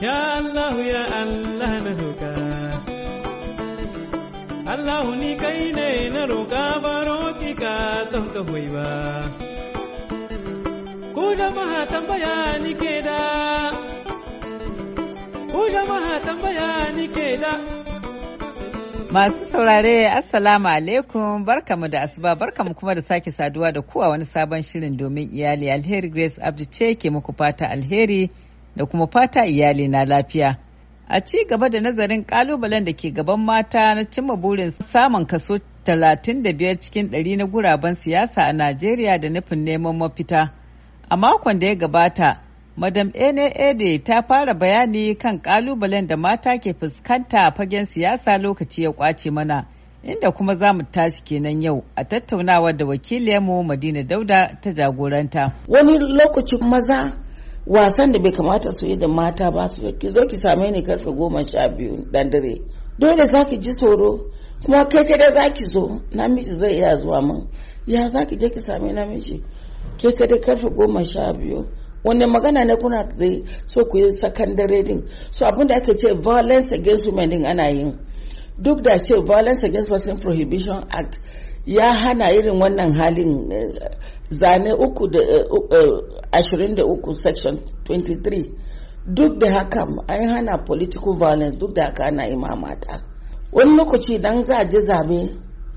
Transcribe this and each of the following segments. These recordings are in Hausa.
Ya Allah ya Allah na roƙa Allah ni kai ne na roƙa ba roƙi ka don ka hoyi ba Ku jama'a tambaya ni ke da Ku jama'a tambaya ni ke da Masu saurare Assalamu alaikum barkamu da asuba barkamu kuma da sake saduwa da kuwa wani sabon shirin domin iyali alheri Grace Abdi ce ke muku fata alheri da kuma fata iyali na lafiya. A ci gaba da nazarin kalubalen da ke gaban mata na cimma burin samun kaso 35 cikin 100 na guraben siyasa a Najeriya da nufin neman mafita. A makon da ya gabata, Madam Ene Ede ta fara bayani kan kalubalen da mata ke fuskanta fagen siyasa lokaci ya kwace mana, inda kuma za mu tashi kenan yau a tattaunawa da wakiliyarmu Madina Dauda ta jagoranta. Wani lokacin maza wasan da bai kamata su yi da mata ba su ki zo ki same ni karfe goma sha biyu dan dare dole za ki ji tsoro kuma kai kada za ki zo namiji zai iya zuwa min ya za ki je ki same namiji ke kada karfe goma sha biyu wani magana ne kuna zai so ku yi sakandare din so abin da aka ce violence against women din ana yin duk da ce violence against person prohibition act ya hana irin wannan halin eh, zane uku eh, eh, section 23 duk da haka an hana political violence duk da haka ana imamata wani lokaci dan za a ji zabe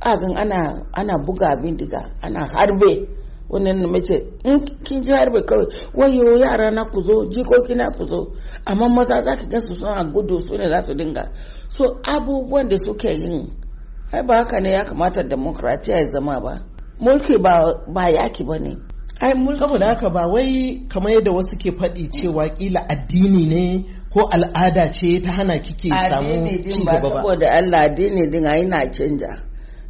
agan ana ana buga bindiga ana harbe wani nan mace in kin ji harbe kawai wayo yara na ku zo jikoki na ku zo amma maza za ka gansu suna gudu su ne za su dinga so abubuwan da suke yin ai ba haka ne ya kamata demokratiya ya zama ba mulki ba ya yaki bane ne saboda haka ba wai kamar yadda wasu ke faɗi cewa kila addini ne ko al'ada ce ta hana kike samu ci gaba ba saboda Allah addini din ai na canja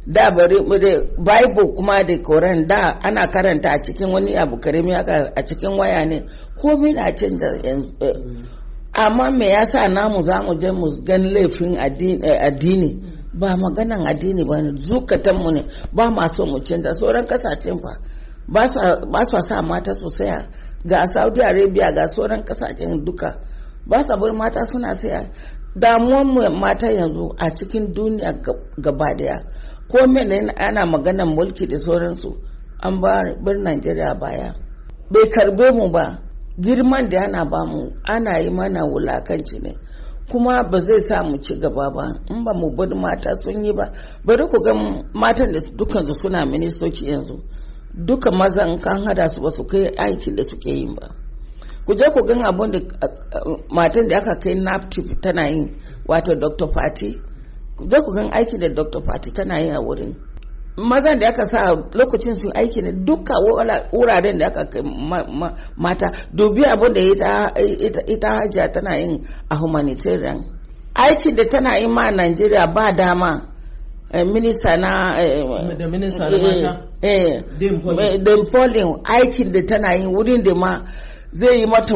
da bari bible kuma da koran da ana karanta a cikin wani abu karami a cikin waya ne komai na canza eh. mm. amma me yasa namu zamu mu je mu gan laifin addini eh, ba maganan addini ba ne mu ne ba ma so mu canza sauran kasashen fa ba su sa mata sosai ga saudi arabia ga sauran kasashen duka ba su bar mata suna saya damuwan mu mata yanzu a cikin duniya gaba daya ko mene ana maganan mulki da sauransu an bar najeriya baya bai karbe mu ba girman da ana ba mu ana yi mana wulakanci ne kuma ba zai sa mu ci gaba ba in ba mu bar mata sun yi ba bari ku ga matan da su suna ministoci yanzu duka mazan kan hada su ba su kai aikin da suke yin ba ku je ku gan abin da matan da aka kai naptip tana yin wato dr fati ku je ku gan aikin da dr fati tana yin a wurin mazan da aka sa lokacin su aiki na duka wuraren da aka kai mata dubi abin da ita hajiya tana yin a humanitarian aikin da tana yi ma Nigeria ba dama eh, minista na eh, eh, dem minista aikin da tana yi wurin da ma zai yi mata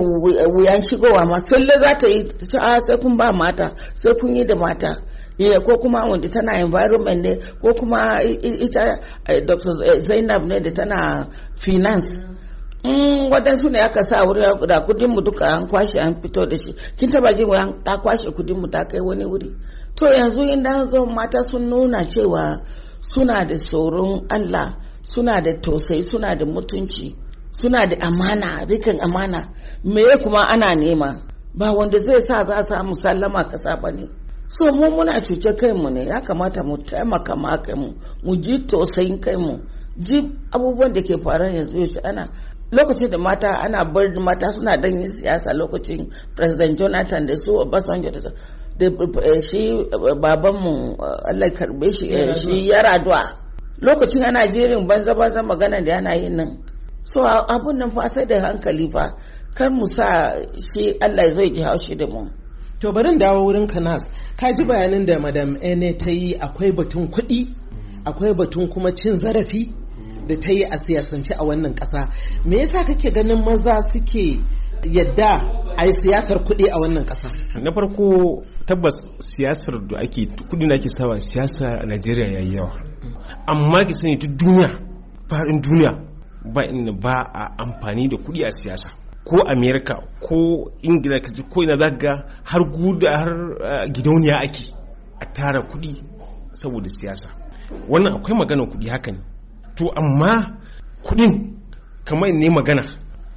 wuyan shigowa ma sai za ta yi ta ah, sai kun ba mata sai kun yi da mata yeah, ko kuma wanda tana environment ne ko kuma ita eh, dr eh, zainab ne da tana finance in mm. mm, waɗansu ne aka sa wuri da kudin mu duka an kwashe an fito da shi kin taba jin wani ta kwashe kudin mu ta kai wani wuri to yanzu in da zo mata sun nuna cewa suna da tsoron Allah suna da tausayi suna da mutunci suna da amana rikin amana me kuma ana nema ba wanda zai sa za a samu sallama kasa ba ne so mu muna cuce mu ne ya kamata mu taimaka ma mu mu ji tausayin mu ji abubuwan da ke fara yanzu yaushe ana lokacin da mata ana bar mata suna dan yin siyasa lokacin president jonathan da su obasanjo da da eh, shi eh, babanmu eh, allah karbe shi shi yaraduwa lokacin ana jerin banza banza magana da yana yin nan so abun nan fa sai da hankali fa kar mu sa shi allah zai ji haushi da mu to barin dawo wurin kanas ka ji bayanin da madam ene ta yi akwai batun kuɗi akwai batun kuma cin zarafi da ta yi a siyasance a wannan ƙasa me yasa kake ganin maza suke yadda a yi siyasar kuɗi a wannan ƙasa na farko tabbas siyasar da ake kuɗi na ake sawa siyasa a najeriya ya yi yawa amma ki sani ta duniya farin duniya ba inda ba a amfani da kuɗi a siyasa ko amerika ko ingila ka ko ina za ga har guda har eh, gidauniya ake a tara kuɗi saboda siyasa wannan akwai magana kuɗi haka ne to amma kuɗin kamar ne magana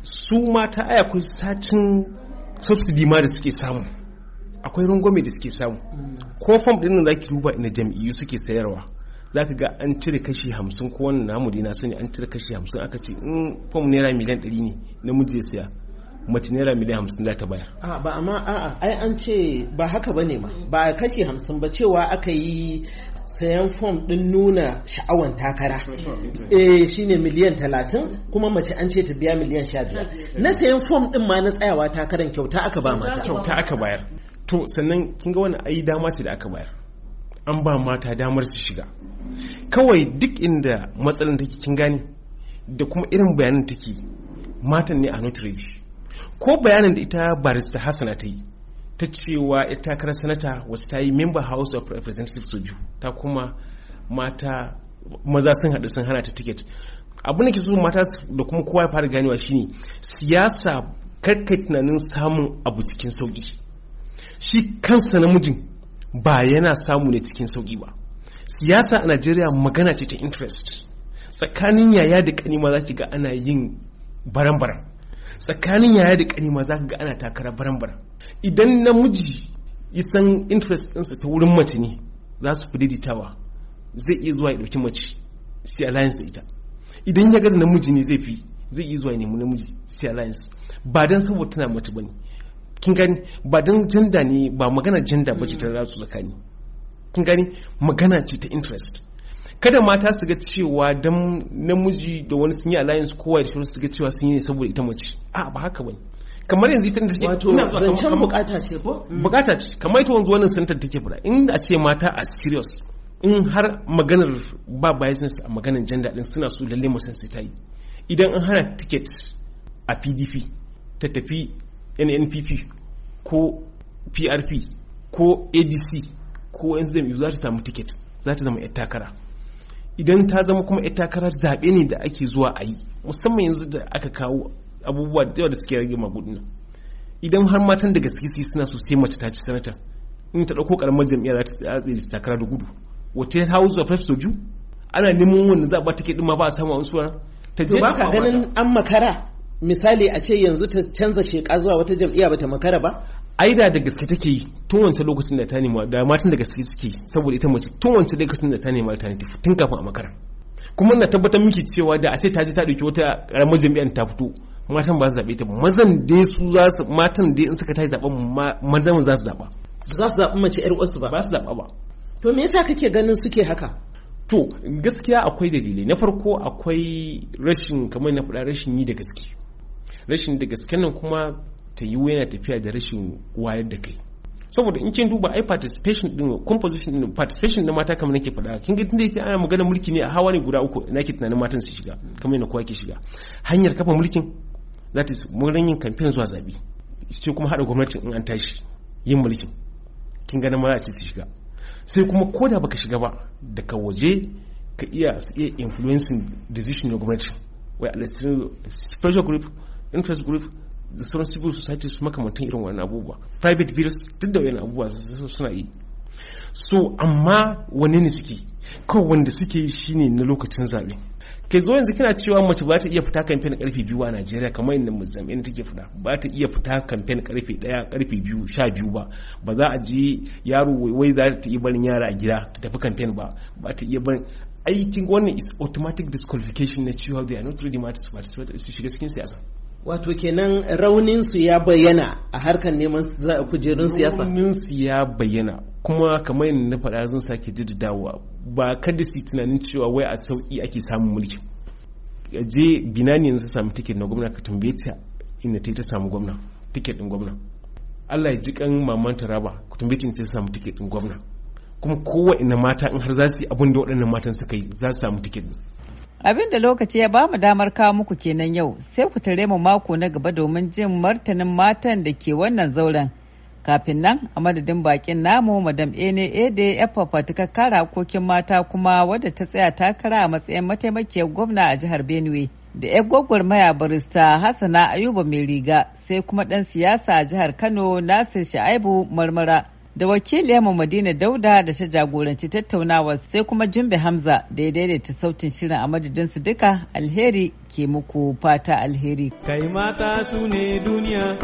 su mata aya akwai sacin subsidy ma da suke samu akwai rangwame da suke samu mm. ko fam ɗin da zaki duba ina jam'iyyu suke sayarwa zaka ga an cire kashi hamsin ko wani namu dai na sani an cire kashi hamsin aka ce in fam naira miliyan ɗari ne namiji ya saya mace naira miliyan hamsin za ta bayar. A ba amma a'a ai an ce ba haka bane ma ba kashe hamsin ba cewa aka yi sayan fom din nuna sha'awan takara eh shine miliyan talatin kuma mace an ce ta biya miliyan sha biyar na sayan fom din ma na tsayawa takaran kyauta aka ba mata kyauta aka bayar to sannan kin ga wani ai dama ce da aka bayar an ba mata damar su shiga kawai duk inda matsalan take kin gani da kuma irin bayanan take matan ne a notary ko bayanin da ita barista hassana ta yi ta cewa ita takarar sanata wasu ta yi member house of representatives su biyu ta kuma mata maza sun haɗu sun hana ta tiket abin da ke so mata da kuma kowa ya fara ganewa shine siyasa karka tunanin samun abu cikin sauki shi kansa namijin ba yana samu ne cikin sauki ba siyasa a najeriya magana ce ta interest tsakanin yaya da kanima za ki ga ana yin baran-baran tsakanin yaya da ƙani ma za ka ga ana takara baran-baran idan namiji ya san interest ɗinsa ta wurin mace ne za su fi daidaitawa zai iya zuwa ya ɗauki mace sai alliance da ita idan ya gada namiji ne zai fi zai iya zuwa ya nemi namiji sai alliance ba don saboda tana mace ba ne kin gani ba don janda ne ba magana janda ba ce ta rasu tsakani kin gani magana ce ta interest kada mata su ga cewa dan namiji da wani sun yi alliance kowa da shi su ga cewa sun yi ne saboda ita mace a ba haka bane kamar yanzu ita take wato zancen bukata ce ko mm. bukata ce kamar ita wanzu wannan sanatar take fara in a ce mata a serious in har maganar ba biasness a maganar gender din suna so lalle mutum su ta yi idan an hana ticket a PDP ta tafi NNPP ko PRP ko ADC ko NZM za ta samu ticket za ta zama 'yar takara idan ta zama kuma ita takarar zaɓe ne da ake zuwa a yi musamman yanzu da aka kawo abubuwa da yawa da suke rage magudina idan har matan da gaske su suna so sai mace ta ci sanata in ta ɗauko ƙaramar jam'iyyar za ta tsaye takara da gudu wata ta hau zuwa fafso biyu ana neman wanda za a ba take ɗin ma ba a samu a wasu ta je ba ka ganin an makara misali a ce yanzu ta canza sheka zuwa wata jam'iyya bata makara ba ai da gaske take yi tun wancan lokacin da ta nema da matan da gaske suke saboda ita mace tun wancan lokacin da ta nema alternative tun kafin a makara kuma na tabbatar miki cewa da a ce ta je ta dauki wata karamar jami'an ta fito matan ba su zabe ta mazan dai su za su matan dai in suka tashi zaben mazan za su zaba za su zabi mace yar uwarsu ba ba su zaba ba to me yasa kake ganin suke haka to gaskiya akwai dalilai na farko akwai rashin kamar na faɗa rashin yi da gaske rashin da gaske nan kuma ta yi yana tafiya da rashin wayar da kai saboda in kin duba ai participation din composition din participation na mata kamar nake faɗa kin ga tunda ana magana mulki ne a hawa ne guda uku ina ke tunanin matan su shiga kamar yana kowa ke shiga hanyar kafa mulkin za ta wurin yin campaign zuwa zabi sai kuma hada gwamnati in an tashi yin mulkin kin ga na a ce su shiga sai kuma ko da baka shiga ba daga waje ka iya su iya influencing decision na gwamnati wai a special group interest group da sauran civil society su makamantan irin wani abubuwa private bills duk da wani abubuwa suna yi so amma wani ne suke kawai wanda suke yi shine na lokacin zaɓe ke zo yanzu kina cewa mace ba ta iya fita kamfen karfe biyu a najeriya kamar yadda na take fita ba ta iya fita kamfen karfe daya karfe biyu sha biyu ba ba za a je yaro wai za ta iya barin yara a gida ta tafi kamfen ba ba ta iya barin aikin wannan is automatic disqualification na cewa they are not ready to participate su shiga cikin siyasa wato kenan raunin su ya bayyana a harkar neman kujerun siyasa raunin su ya bayyana kuma kamar yadda na faɗa zan sake dawa ba kada su tunanin cewa wai a sauƙi ake samun mulki je binani yanzu samu tiket na gwamna ka tambaye ta inda ta ta samu gwamna tiket din gwamna Allah ya ji kan maman Taraba ku tambaye ta ta samu tiket din gwamna kuma kowa ina mata in har za su yi abin da waɗannan matan suka yi za su samu tiket Abin da lokaci ya ba mu damar kawo muku kenan yau sai ku tare mu mako na gaba domin jin martanin matan da ke wannan zauren. Kafin nan a madadin bakin namu madam Ene Ede ya ta kara hakokin mata kuma wadda ta tsaya takara a matsayin mataimakiyar gwamna a jihar Benue. Da gwagwar maya barista Hassana Ayuba mai riga sai kuma ɗan siyasa a jihar Kano Nasir Sha'aibu Marmara. da wakiliyarmu madina dauda da ta jagoranci tattaunawar sai kuma jumbe hamza da ya daidaita sautin shirin a madadinsu duka alheri ke muku fata alheri kai mata su ne duniya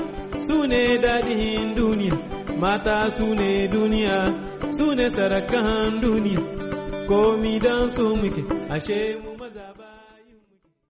su ne daɗin duniya mata su ne duniya su ne sarakan duniya komi don su muke ashe mu